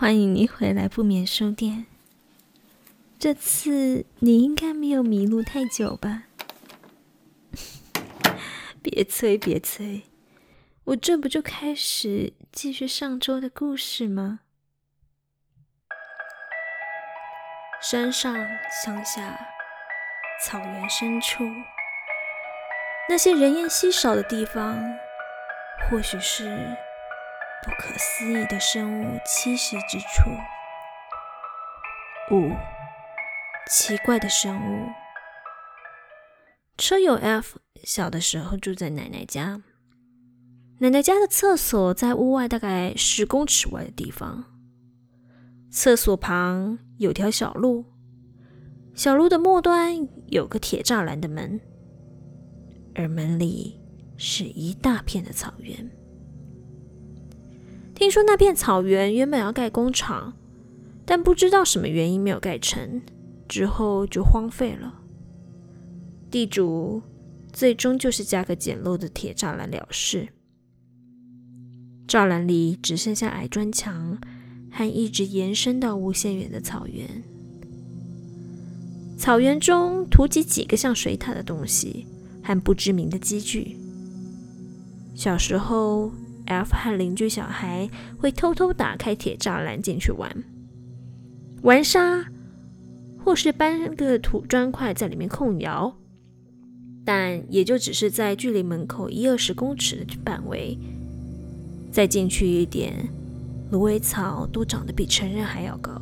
歡迎你回來，不眠書店。這次你應該沒有迷路太久吧？ 別催，別催，我這不就開始繼續上周的故事嗎？山上、鄉下、草原深處，那些人煙稀少的地方，或許是……不可思議的生物棲息之處。五，奇怪的生物。車友 F 小的時候住在奶奶家，奶奶家的廁所在屋外大概十公尺外的地方，廁所旁有條小路，小路的末端有個鐵柵欄的門，而門裡是一大片的草原。聽說那片草原原本要蓋工廠，但不知道什麼原因沒有蓋成，之後就荒廢了。地主最終就是架個簡陋的鐵柵欄了事。柵欄裡只剩下矮磚牆和一直延伸到無限遠的草原。草原中突起幾個像水塔的東西和不知名的積聚。小時候。F 和鄰居小孩會偷偷打開鐵柵欄進去玩、玩沙，或是搬個土磚塊在裡面焢窯，但也就只是在距離門口一二十公尺的範圍，再進去一點，蘆葦草都長得比成人還要高。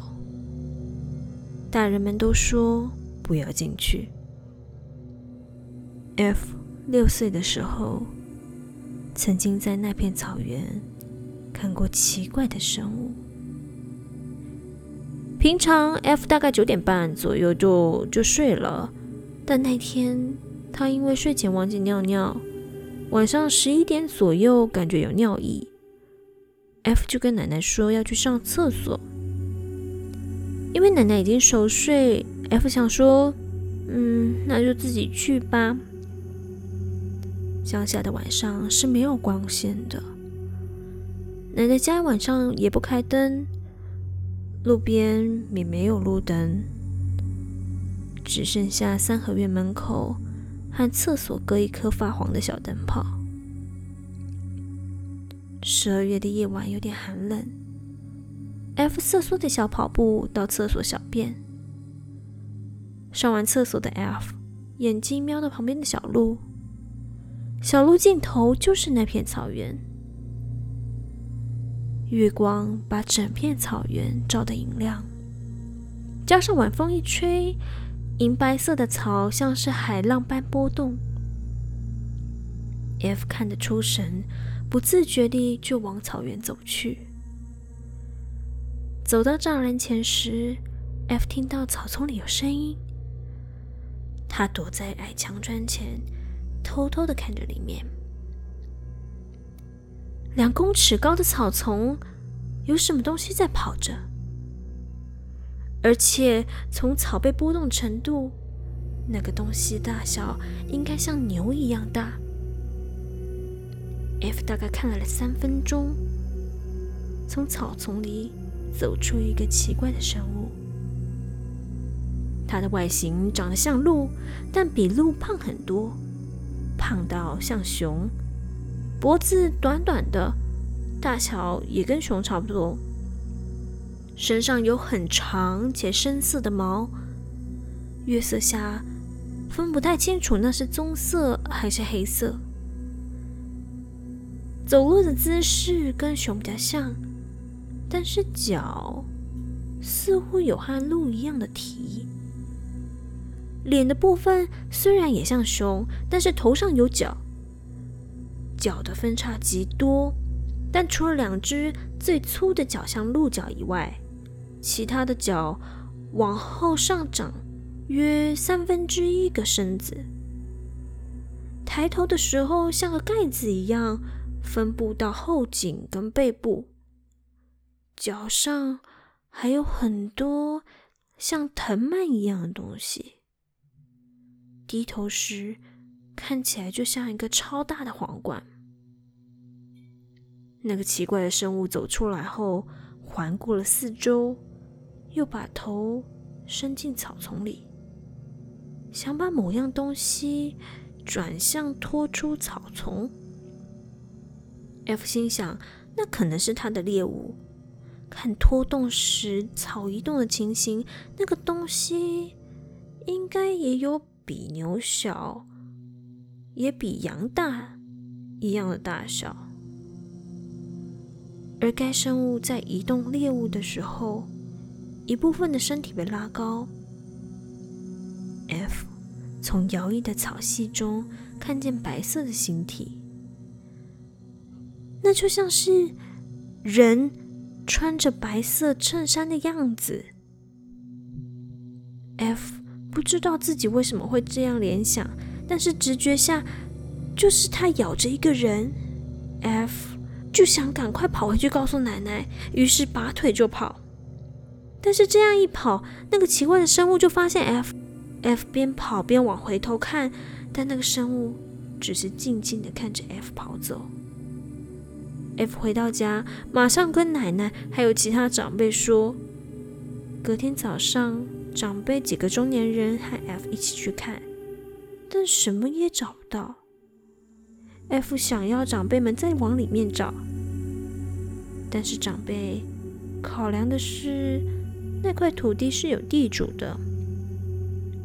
大人們都說不要進去。F 六歲的時候。曾經在那片草原看過奇怪的生物。平常 F 大概九點半左右就就睡了，但那天他因為睡前忘記尿尿，晚上十一點左右感覺有尿意，F 就跟奶奶說要去上廁所，因為奶奶已經熟睡，F 想說，嗯，那就自己去吧。鄉下的晚上是沒有光線的，奶奶家晚上也不開燈，路邊也沒有路燈，只剩下三合院門口和廁所各一顆發黃的小燈泡。十二月的夜晚有點寒冷，F 瑟縮的小跑步到廁所小便，上完廁所的 F 眼睛瞄到旁邊的小路。小路盡頭就是那片草原，月光把整片草原照得銀亮，加上晚風一吹，銀白色的草像是海浪般波動。F 看得出神，不自覺地就往草原走去。走到柵欄前時，F 聽到草叢裡有聲音，他躲在矮牆磚前。偷偷的看着裡面，兩公尺高的草叢有什麼東西在跑着，而且從草被波動程度，那個東西大小應該像牛一樣大。F 大概看了了三分鐘，從草叢裡走出一個奇怪的生物，它的外形長得像鹿，但比鹿胖很多。胖到像熊，脖子短短的，大小也跟熊差不多，身上有很長且深色的毛，月色下分不太清楚那是棕色還是黑色。走路的姿勢跟熊比較像，但是腳似乎有和鹿一樣的蹄。臉的部分雖然也像熊，但是頭上有角，角的分叉極多，但除了兩隻最粗的角像鹿角以外，其他的角往後上長約三分之一個身子。抬頭的時候像個蓋子一樣分布到後頸跟背部，角上還有很多像藤蔓一樣的東西。低頭時，看起來就像一個超大的皇冠。那個奇怪的生物走出來後，環顧了四周，又把頭伸進草叢裡，想把某樣東西轉向拖出草叢。F 心想，那可能是他的獵物。看拖動時草移動的情形，那個東西應該也有。比牛小，也比羊大，一樣的大小。而該生物在移動獵物的時候，一部分的身體被拉高。F 從搖曳的草隙中看見白色的形體，那就像是人穿着白色襯衫的樣子。F。不知道自己為什麼會這樣聯想，但是直覺下就是他咬着一個人，F 就想趕快跑回去告訴奶奶，於是拔腿就跑。但是這樣一跑，那個奇怪的生物就發現 F，F 邊跑邊往回頭看，但那個生物只是靜靜的看着 F 跑走。F 回到家，馬上跟奶奶還有其他長輩說，隔天早上。長輩幾個中年人和 F 一起去看，但什麼也找不到。F 想要長輩們再往裡面找，但是長輩考量的是那塊土地是有地主的，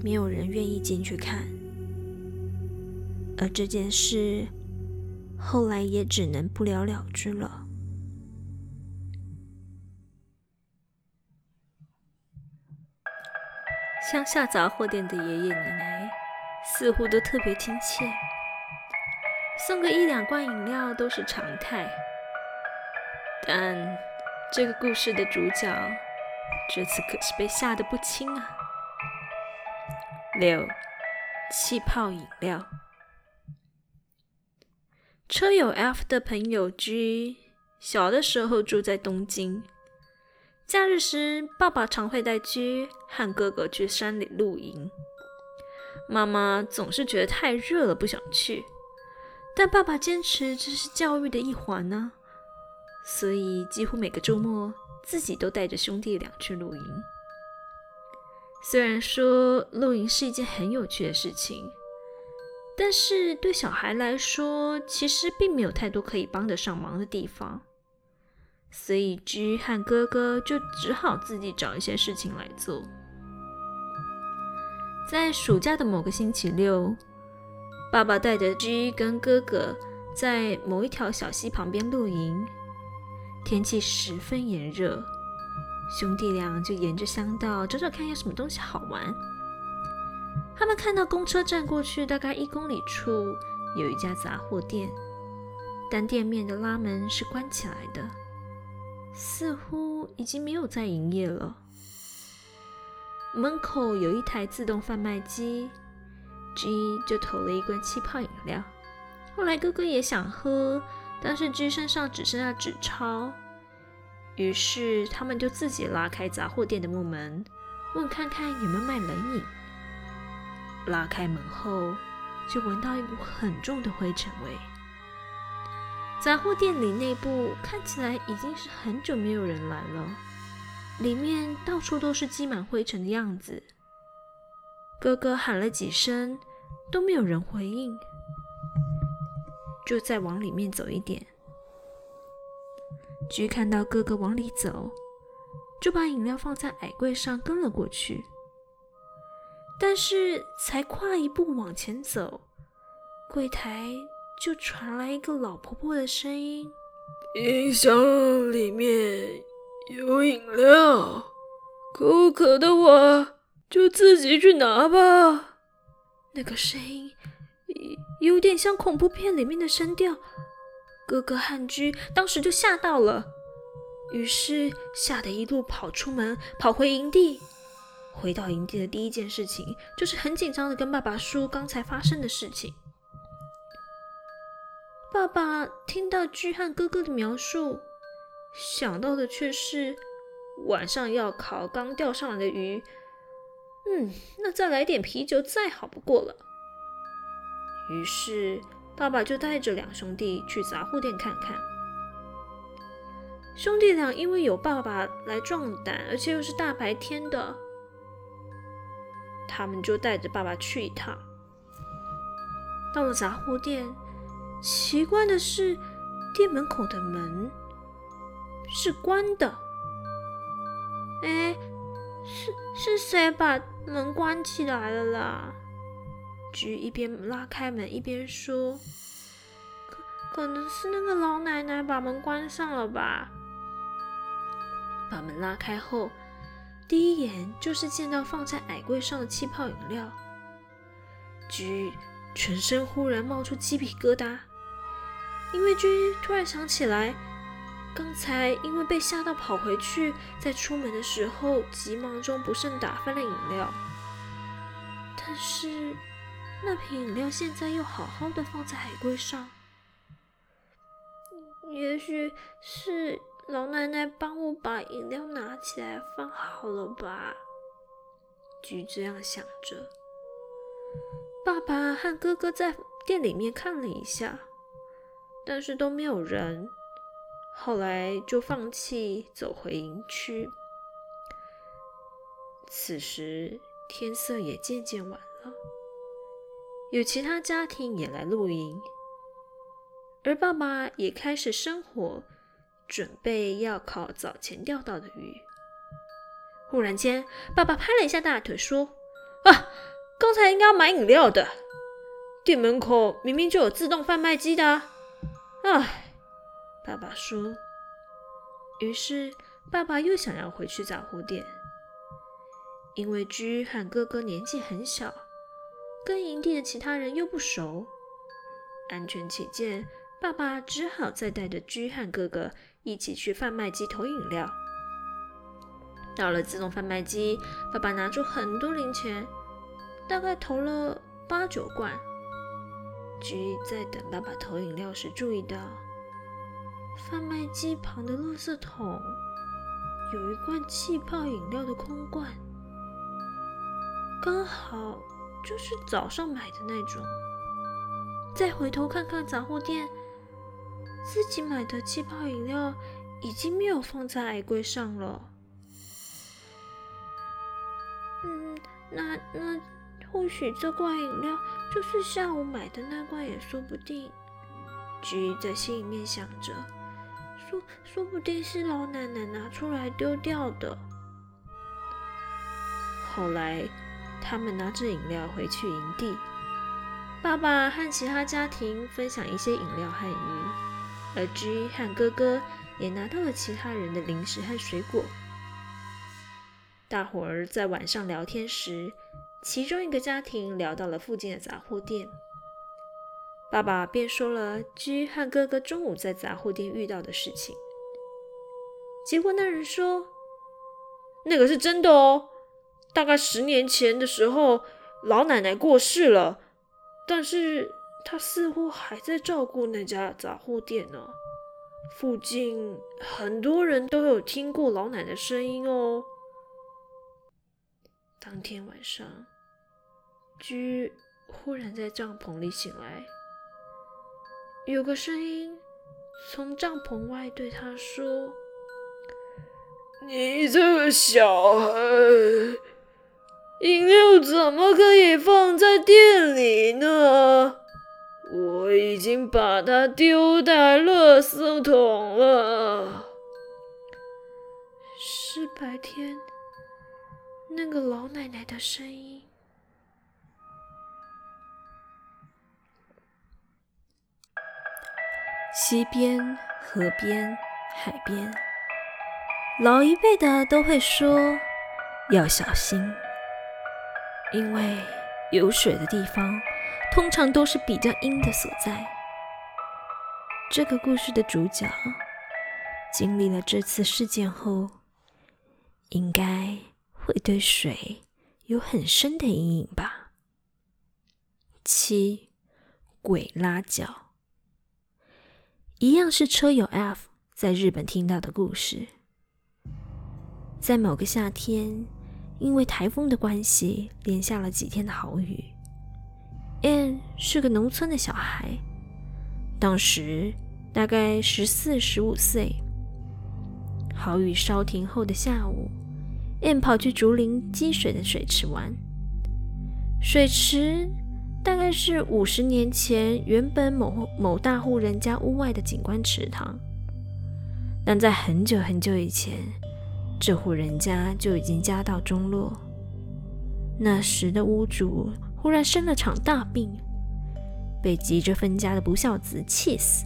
沒有人願意進去看，而這件事後來也只能不了了之了。鄉下雜貨店的爺爺奶奶似乎都特別親切，送個一兩罐飲料都是常態。但這個故事的主角這次可是被嚇得不輕啊！六，氣泡飲料。車友 F 的朋友 G，小的時候住在東京。假日時，爸爸常會帶居和哥哥去山裡露營。媽媽總是覺得太熱了，不想去，但爸爸堅持這是教育的一環呢、啊，所以幾乎每個週末自己都帶着兄弟倆去露營。雖然說露營是一件很有趣的事情，但是對小孩來說，其實並沒有太多可以幫得上忙的地方。所以，G 和哥哥就只好自己找一些事情來做。在暑假的某個星期六，爸爸帶着 G 跟哥哥在某一條小溪旁邊露營，天氣十分炎熱，兄弟倆就沿着鄉道找找看有什麼東西好玩。他們看到公車站過去大概一公里處有一家雜貨店，但店面的拉門是關起來的。似乎已經沒有再營業了。門口有一台自動販賣機，G 就投了一罐氣泡飲料。後來哥哥也想喝，但是 G 身上只剩下紙鈔，於是他們就自己拉開雜貨店的木門，問看看有沒有賣冷飲。拉開門後，就聞到一股很重的灰塵味。雜貨店裡內部看起來已經是很久沒有人來了，裡面到處都是積滿灰塵的樣子。哥哥喊了幾聲都沒有人回應，就再往裡面走一點。菊看到哥哥往裡走，就把飲料放在矮櫃上跟了過去。但是才跨一步往前走，櫃台。就傳來一個老婆婆的聲音：“冰箱裡面有飲料，口渴的話，就自己去拿吧。”那個聲音有點像恐怖片裡面的聲調。哥哥漢居當時就嚇到了，於是嚇得一路跑出門，跑回營地。回到營地的第一件事情，就是很緊張地跟爸爸說剛才發生的事情。爸爸聽到巨漢哥哥的描述，想到的卻是晚上要烤剛釣上來的魚。嗯，那再來點啤酒再好不過了。於是，爸爸就帶着兩兄弟去雜貨店看看。兄弟倆因為有爸爸來壯膽，而且又是大白天的，他們就帶着爸爸去一趟。到了雜貨店。奇怪的是，店門口的門是關的。哎，是是誰把門關起來了啦？菊一邊拉開門一邊說可：“可能是那個老奶奶把門關上了吧。”把門拉開後，第一眼就是見到放在矮櫃上的氣泡飲料。菊全身忽然冒出雞皮疙瘩。因為君突然想起來，剛才因為被嚇到跑回去，在出門的時候急忙中不慎打翻了飲料。但是那瓶飲料現在又好好的放在海櫃上，也許是老奶奶幫我把飲料拿起來放好了吧。就這樣想着，爸爸和哥哥在店裡面看了一下。但是都沒有人，後來就放棄走回營區。此時天色也漸漸晚了，有其他家庭也來露營，而爸爸也開始生火，準備要烤早前釣到的魚。忽然間，爸爸拍了一下大腿，說：“啊，剛才應該要買飲料的，店門口明明就有自動販賣機的啊。”唉、哦，爸爸說。於是爸爸又想要回去找蝴蝶，因為駒漢哥哥年紀很小，跟營地的其他人又不熟，安全起見，爸爸只好再帶着駒漢哥哥一起去販賣機投飲料。到了自動販賣機，爸爸拿出很多零錢，大概投了八九罐。菊在等爸爸投飲料時，注意到販賣機旁的垃圾桶有一罐氣泡飲料的空罐，剛好就是早上買的那種。再回頭看看雜貨店，自己買的氣泡飲料已經沒有放在矮櫃上了。嗯，那那。或許這罐飲料就是下午買的那罐，也說不定。G 在心裡面想着，說說不定是老奶奶拿出來丟掉的。後來，他們拿着飲料回去營地，爸爸和其他家庭分享一些飲料和魚，而 G 和哥哥也拿到了其他人的零食和水果。大夥兒在晚上聊天時，其中一個家庭聊到了附近的雜貨店，爸爸便說了居和哥哥中午在雜貨店遇到的事情。結果那人說：“那個是真的哦，大概十年前的時候，老奶奶過世了，但是她似乎還在照顧那家雜貨店呢。附近很多人都有聽過老奶奶聲音哦。”當天晚上，居忽然在帳篷裡醒來，有個聲音從帳篷外對他說：“你這個小孩，飲料怎麼可以放在店裡呢？我已經把它丟在垃圾桶了。”是白天那個老奶奶的聲音。溪邊、河邊、海邊，老一輩的都會說要小心，因為有水的地方通常都是比較陰的所在。這個故事的主角經歷了這次事件後，應該會對水有很深的陰影吧？七、鬼拉腳。一樣是車友 F 在日本聽到的故事。在某個夏天，因為台風的關係，連下了幾天的豪雨。An 是個農村的小孩，當時大概十四十五歲。豪雨稍停後的下午，An 跑去竹林積水的水池玩，水池。大概是五十年前，原本某某大戶人家屋外的景觀池塘，但在很久很久以前，這戶人家就已經家道中落。那時的屋主忽然生了場大病，被急着分家的不孝子氣死。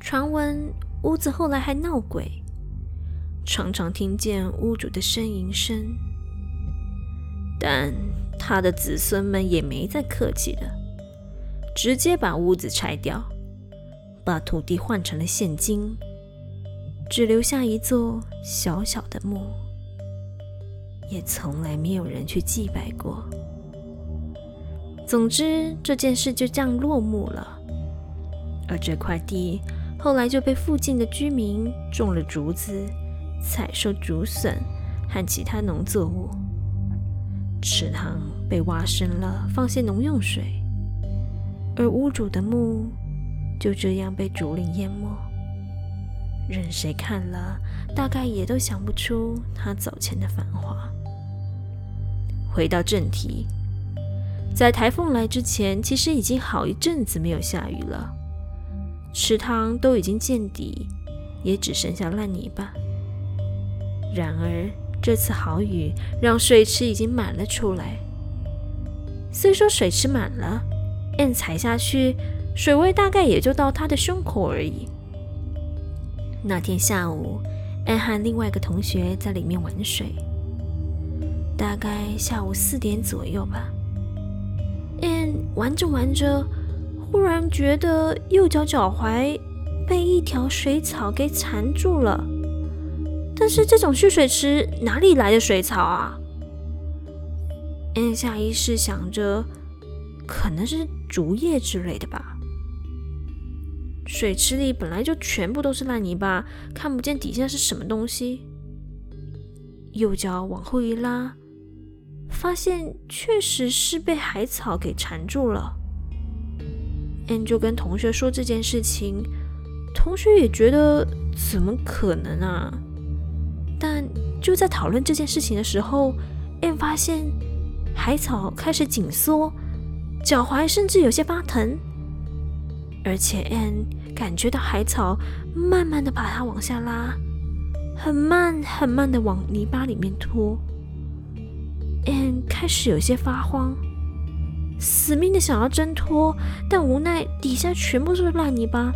傳聞屋子後來還鬧鬼，常常聽見屋主的呻吟聲，但。他的子孫們也沒再客氣的，直接把屋子拆掉，把土地換成了現金，只留下一座小小的墓，也從來沒有人去祭拜過。總之，這件事就這樣落幕了。而這塊地後來就被附近的居民種了竹子，採收竹筍和其他農作物，池塘。被挖深了，放些農用水，而屋主的墓就這樣被竹林淹沒。任誰看了，大概也都想不出他早前的繁華。回到正題，在颱風來之前，其實已經好一陣子沒有下雨了，池塘都已經見底，也只剩下爛泥巴。然而這次豪雨，讓水池已經滿了出來。雖說水池滿了，安踩下去，水位大概也就到他的胸口而已。那天下午，安和另外一個同學在裡面玩水，大概下午四點左右吧。安玩着玩着，忽然覺得右腳腳踝被一條水草給纏住了。但是這種蓄水池哪裡來的水草啊？安下意識想着，可能是竹葉之類的吧。水池裡本來就全部都是爛泥巴，看不見底下是什麼東西。右腳往後一拉，發現確實是被海草給纏住了。安就跟同學說這件事情，同學也覺得怎麼可能啊？但就在討論這件事情的時候，安發現。海草開始緊縮，腳踝甚至有些發疼，而且 Anne 感覺到海草慢慢的把她往下拉，很慢很慢的往泥巴裡面拖。Anne 開始有些發慌，死命的想要掙脫，但無奈底下全部是爛泥巴，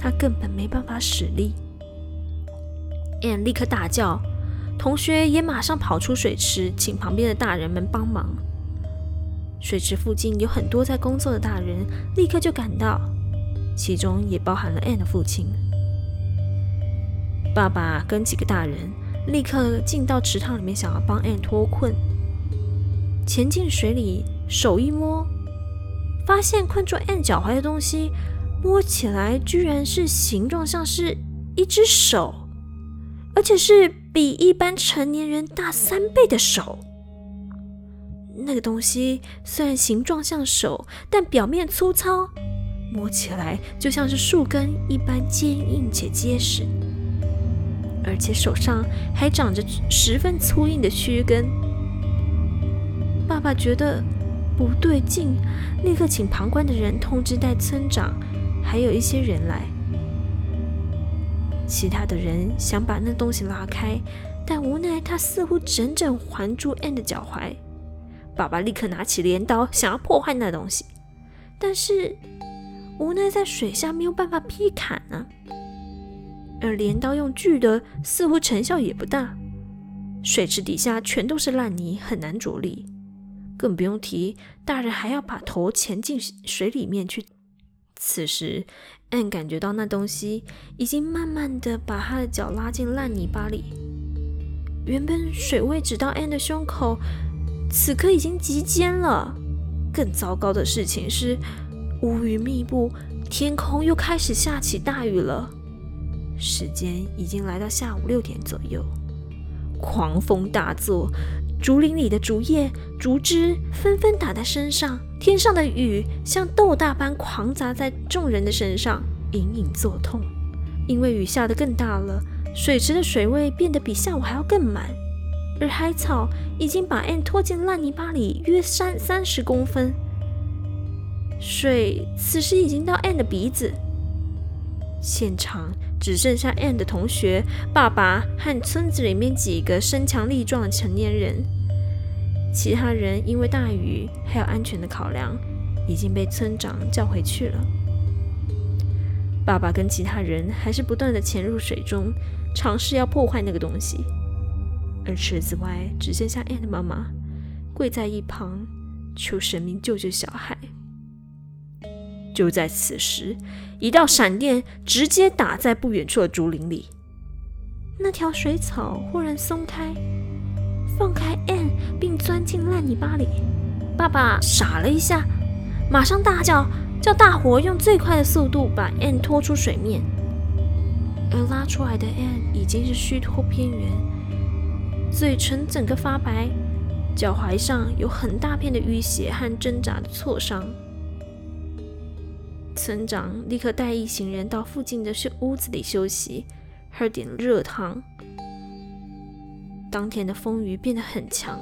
她根本沒辦法使力。Anne 立刻大叫。同學也馬上跑出水池，請旁邊的大人們幫忙。水池附近有很多在工作的大人，立刻就趕到，其中也包含了安 n 的父親。爸爸跟幾個大人立刻進到池塘裡面，想要幫安 n 脫困。潛進水裡，手一摸，發現困住安 n 腳踝的東西，摸起來居然是形狀像是一隻手，而且是，比一般成年人大三倍的手，那個東西雖然形狀像手，但表面粗糙，摸起來就像是樹根一般堅硬且結實，而且手上還長着十分粗硬的鬚根。爸爸覺得不對勁，立刻請旁觀的人通知戴村長，還有一些人來。其他的人想把那東西拉開，但無奈他似乎整整環住安的腳踝。爸爸立刻拿起鐮刀，想要破壞那東西，但是無奈在水下沒有辦法劈砍呢、啊，而鐮刀用鋸的，似乎成效也不大。水池底下全都是爛泥，很難着力，更不用提大人還要把頭潛進水裡面去。此時，安感覺到那東西已經慢慢的把他的腳拉進爛泥巴裡。原本水位只到安的胸口，此刻已經及肩了。更糟糕的事情是，烏雲密布，天空又開始下起大雨了。時間已經來到下午六點左右，狂風大作。竹林裡的竹葉、竹枝紛紛打在身上，天上的雨像豆大般狂砸在眾人的身上，隱隱作痛。因為雨下得更大了，水池的水位變得比下午還要更滿，而海草已經把安拖進爛泥巴裡約三三十公分，水此時已經到安的鼻子。現場。只剩下 Anne 的同學、爸爸和村子裡面幾個身強力壯的成年人。其他人因為大雨還有安全的考量，已經被村長叫回去了。爸爸跟其他人還是不斷的潛入水中，嘗試要破壞那個東西。而池子外只剩下 Anne 媽媽跪在一旁，求神明救救小孩。就在此時，一道閃電直接打在不遠處的竹林裡，那條水草忽然鬆開，放開 Anne，並鑽進爛泥巴裡。爸爸傻了一下，馬上大叫，叫大夥用最快的速度把 Anne 拖出水面。而拉出來的 Anne 已經是虛脫邊緣，嘴唇整個發白，腳踝上有很大片的淤血和掙扎的挫傷。村長立刻帶一行人到附近的修屋子裡休息，喝點熱湯。當天的風雨變得很強，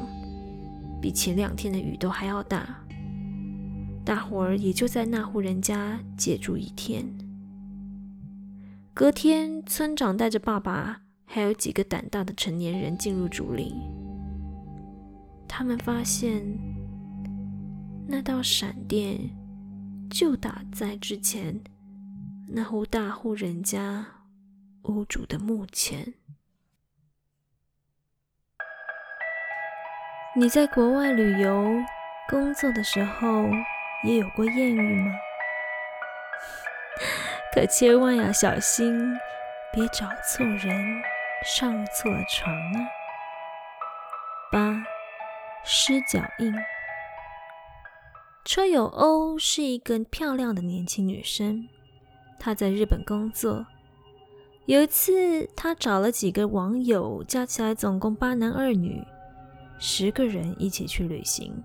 比前兩天的雨都還要大。大夥兒也就在那戶人家借住一天。隔天，村長帶着爸爸還有幾個膽大的成年人進入竹林，他們發現那道閃電就打在之前那戶大戶人家屋主的墓前。你在國外旅遊、工作的時候也有過艷遇嗎？可千萬要小心，別找錯人，上錯了床啊！八，濕腳印。車友歐是一個漂亮的年輕女生，她在日本工作。有一次，她找了幾個網友，加起來總共八男二女，十個人一起去旅行，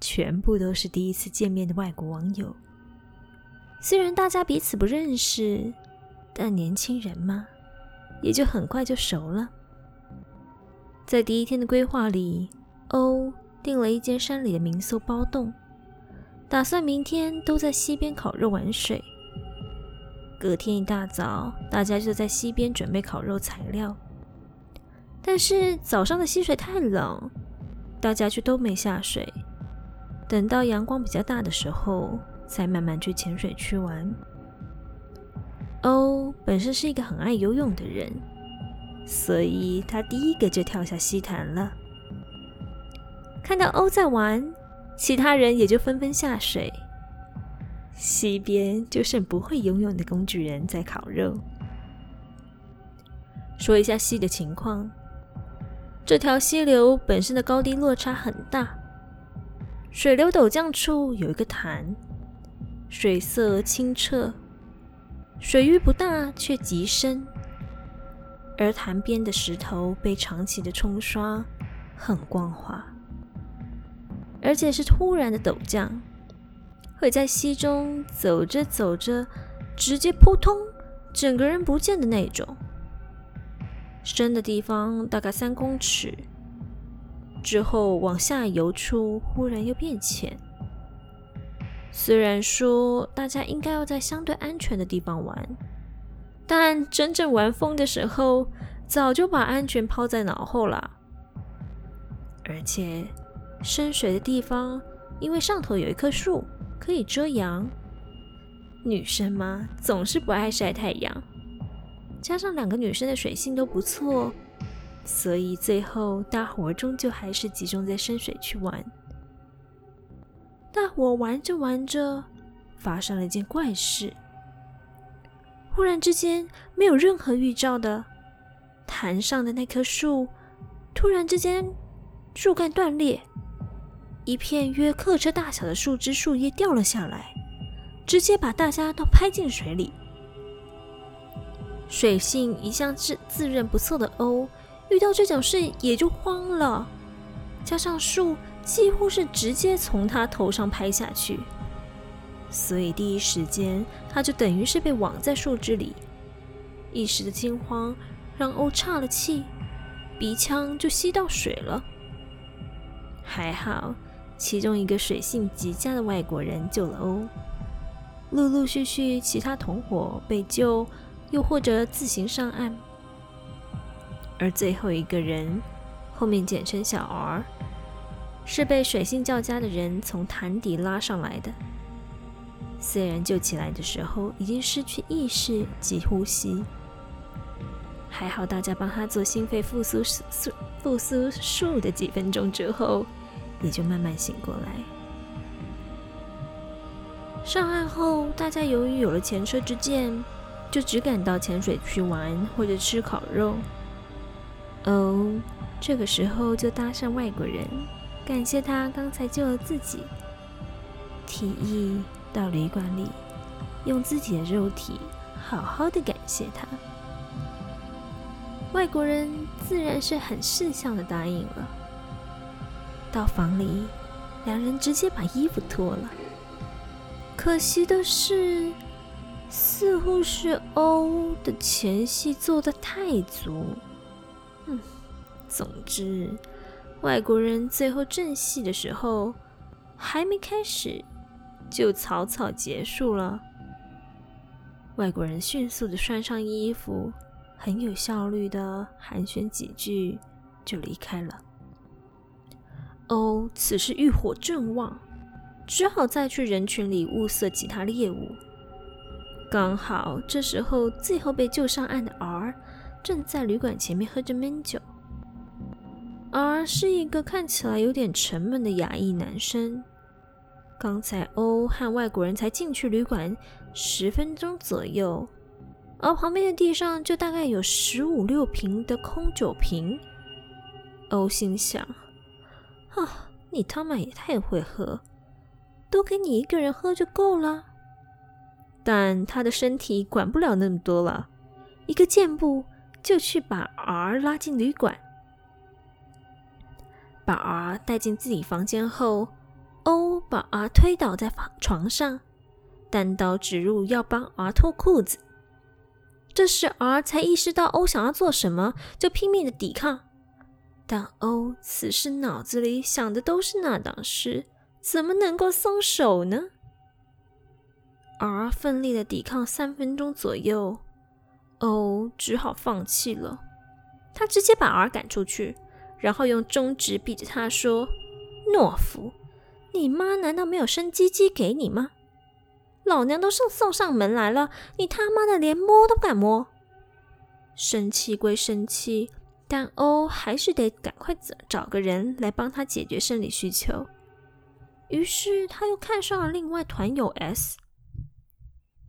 全部都是第一次見面的外國網友。雖然大家彼此不認識，但年輕人嘛，也就很快就熟了。在第一天的規劃裡，歐訂了一間山裡的民宿包棟。打算明天都在溪邊烤肉玩水。隔天一大早，大家就在溪邊準備烤肉材料。但是早上的溪水太冷，大家卻都沒下水。等到陽光比較大的時候，才慢慢去淺水區玩。歐本身是一個很愛游泳的人，所以他第一個就跳下溪潭了。看到歐在玩。其他人也就紛紛下水。溪邊就剩不會游泳的工具人在烤肉。說一下溪的情況：這條溪流本身的高低落差很大，水流陡降處有一個潭，水色清澈，水域不大卻極深，而潭邊的石頭被長期的沖刷，很光滑。而且是突然的陡降，會在溪中走着走着，直接撲通，整個人不見的那種。深的地方大概三公尺，之後往下游處，忽然又變淺。雖然說大家應該要在相對安全的地方玩，但真正玩瘋的時候，早就把安全拋在腦後了。而且。深水的地方，因為上頭有一棵樹可以遮陽。女生嘛，總是不愛曬太陽，加上兩個女生的水性都不錯，所以最後大伙終究還是集中在深水區玩。大伙玩着玩着，發生了一件怪事：忽然之間，沒有任何預兆的，潭上的那棵樹突然之間樹幹斷裂。一片約客車大小的樹枝樹葉掉了下來，直接把大家都拍進水裡。水性一向自自認不錯的歐，遇到這種事也就慌了。加上樹幾乎是直接從他頭上拍下去，所以第一時間他就等於是被網在樹枝裡。一時的驚慌讓歐岔了氣，鼻腔就吸到水了。還好。其中一個水性極佳的外國人救了歐，陸陸續續其他同夥被救，又或者自行上岸。而最後一個人，後面簡稱小 R，是被水性較佳的人從潭底拉上來的。雖然救起來的時候已經失去意識及呼吸，還好大家幫他做心肺復甦復甦術的幾分鐘之後。也就慢慢醒過來。上岸後，大家由於有了前車之鑑，就只敢到淺水區玩或者吃烤肉。哦，這個時候就搭上外國人，感謝他剛才救了自己，提議到旅館裡用自己的肉體好好的感謝他。外國人自然是很識相的答應了。到房裡，兩人直接把衣服脫了。可惜的是，似乎是歐的前戲做的太足。嗯，總之，外國人最後正戲的時候還沒開始，就草草結束了。外國人迅速的穿上衣服，很有效率的寒暄幾句就離開了。歐此時欲火正旺，只好再去人群裡物色其他獵物。剛好這時候，最後被救上岸的 R 正在旅館前面喝着悶酒。R 是一個看起來有點沉悶的亞裔男生。剛才歐和外國人才進去旅館十分鐘左右，而旁邊的地上就大概有十五六瓶的空酒瓶。歐心想。啊、哦，你他媽也太會喝，都給你一個人喝就夠了。但他的身體管不了那麼多了，一個箭步就去把 R 拉進旅館。把 R 帶進自己房間後，歐把 R 推倒在床上，單刀直入要幫 R 脫褲子。這時 R 才意識到歐想要做什麼，就拼命的抵抗。但歐此時腦子裡想的都是那檔事，怎麼能夠鬆手呢？兒奮力的抵抗三分鐘左右，歐只好放棄了。他直接把兒趕出去，然後用中指比着他說：“懦夫，你媽難道沒有生雞雞給你嗎？老娘都送送上門來了，你他媽的連摸都不敢摸。生氣歸生氣。”但 O 還是得趕快找找個人來幫他解決生理需求，於是他又看上了另外團友 S。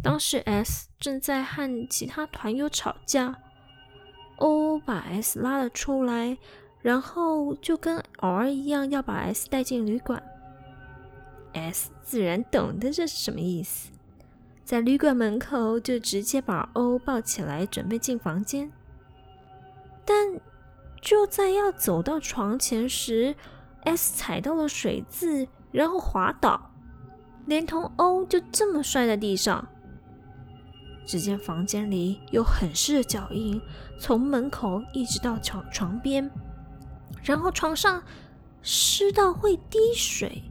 當時 S 正在和其他團友吵架，O 把 S 拉了出來，然後就跟 R 一樣要把 S 帶進旅館。S 自然懂得這是什麼意思，在旅館門口就直接把 O 抱起來準備進房間，但。就在要走到床前時，S 踩到了水漬，然後滑倒，連同 O 就這麼摔在地上。只見房間裡有很濕的腳印，從門口一直到床床邊，然後床上濕到會滴水，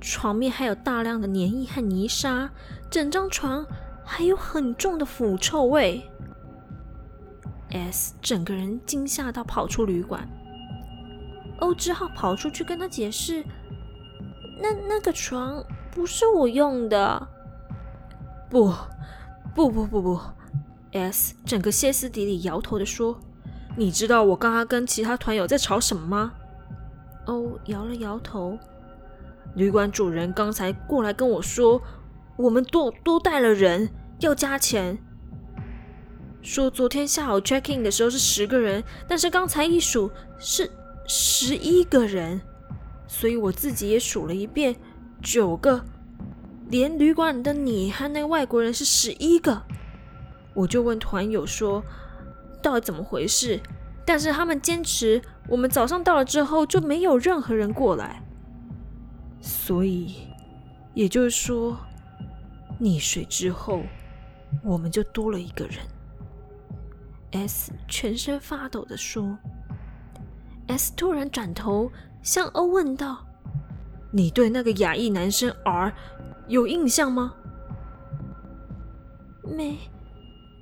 床面還有大量的粘液和泥沙，整張床還有很重的腐臭味。S, S 整個人驚嚇到跑出旅館，歐只好跑出去跟他解釋：“那那個床不是我用的。”“不，不，不，不，不，不，不！”S 整個歇斯底里搖頭的說：“你知道我剛剛跟其他團友在吵什麼嗎？”歐搖了搖頭。旅館主人剛才過來跟我說：“我們多多帶了人，要加錢。”說昨天下午 check in 的時候是十個人，但是剛才一數是十一個人，所以我自己也數了一遍，九個，連旅館的你和那個外國人是十一個，我就問團友說，到底怎麼回事？但是他們堅持我們早上到了之後就沒有任何人過來，所以也就是說，溺水之後我們就多了一個人。S, S 全身發抖的說：“S 突然轉頭向 O 問道：‘你對那個亞裔男生 R 有印象嗎？’沒，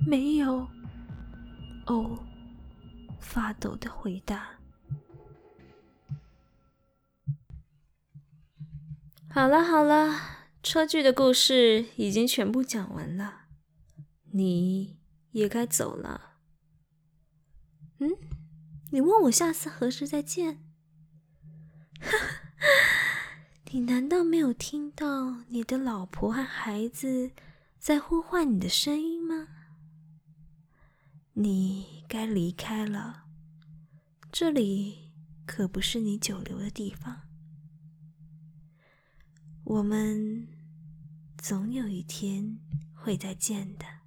沒有。” O 發抖的回答：“好了，好了，車聚的故事已經全部講完了，你也該走了。”你問我下次何時再見？ 你難道沒有聽到你的老婆和孩子在呼喚你的聲音嗎？你該離開了，這裡可不是你久留的地方。我們總有一天會再見的。